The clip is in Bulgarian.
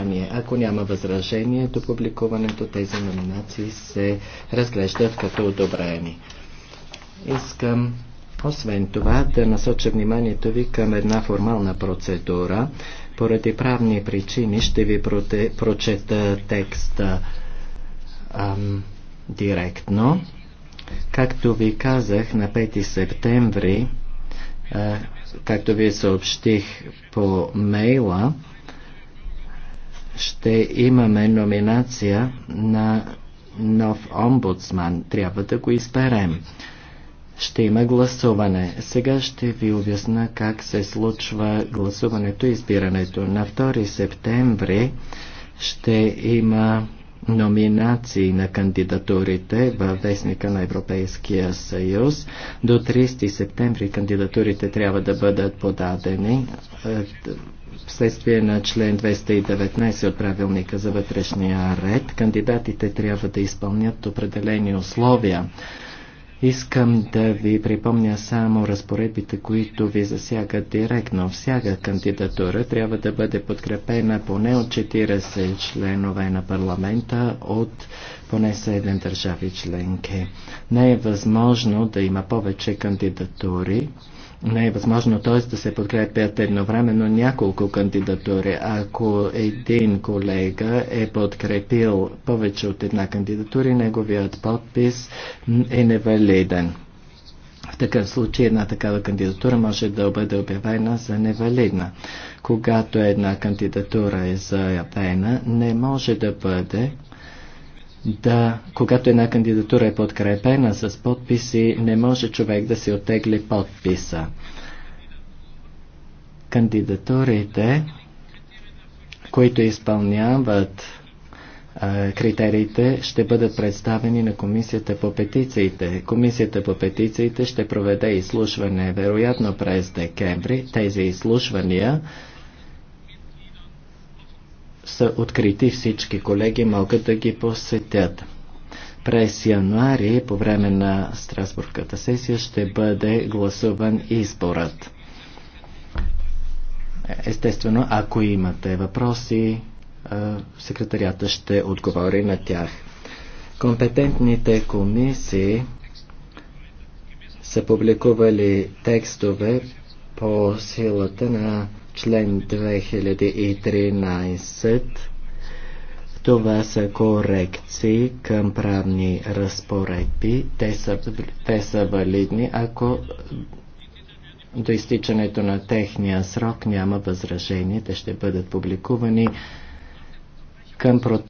събрание. Ако няма възражение до публикуването, тези номинации се разглеждат като одобрени. Искам освен това да насоча вниманието ви към една формална процедура. Поради правни причини ще ви проте, прочета текста ам, директно. Както ви казах, на 5 септември както ви съобщих по мейла, ще имаме номинация на нов омбудсман. Трябва да го изберем. Ще има гласуване. Сега ще ви обясна как се случва гласуването и избирането. На 2 септември ще има номинации на кандидатурите във вестника на Европейския съюз. До 30 септември кандидатурите трябва да бъдат подадени е, вследствие на член 219 от правилника за вътрешния ред. Кандидатите трябва да изпълнят определени условия. Искам да ви припомня само разпоредбите, които ви засягат директно. Всяка кандидатура трябва да бъде подкрепена поне от 40 членове на парламента от поне 7 държави членки. Не е възможно да има повече кандидатури не е възможно т.е. да се подкрепят едновременно няколко кандидатури. Ако един колега е подкрепил повече от една кандидатура, неговият подпис е невалиден. В такъв случай една такава кандидатура може да бъде обявена за невалидна. Когато една кандидатура е заявена, не може да бъде да, когато една кандидатура е подкрепена с подписи, не може човек да си отегли подписа. Кандидатурите, които изпълняват а, критериите, ще бъдат представени на Комисията по петициите. Комисията по петициите ще проведе изслушване, вероятно през декември. Тези изслушвания са открити, всички колеги могат да ги посетят. През януари, по време на Страсбургската сесия, ще бъде гласуван изборът. Естествено, ако имате въпроси, секретарията ще отговори на тях. Компетентните комисии са публикували текстове по силата на член 2013. Това са корекции към правни разпоредби. Те са, те са валидни, ако до изтичането на техния срок няма възражение. Те ще бъдат публикувани към протокол.